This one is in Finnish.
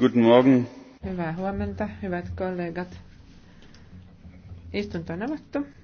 Guten Morgen. Hyvää huomenta, hyvät kollegat. Istunto on avattu.